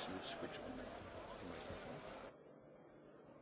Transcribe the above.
jūs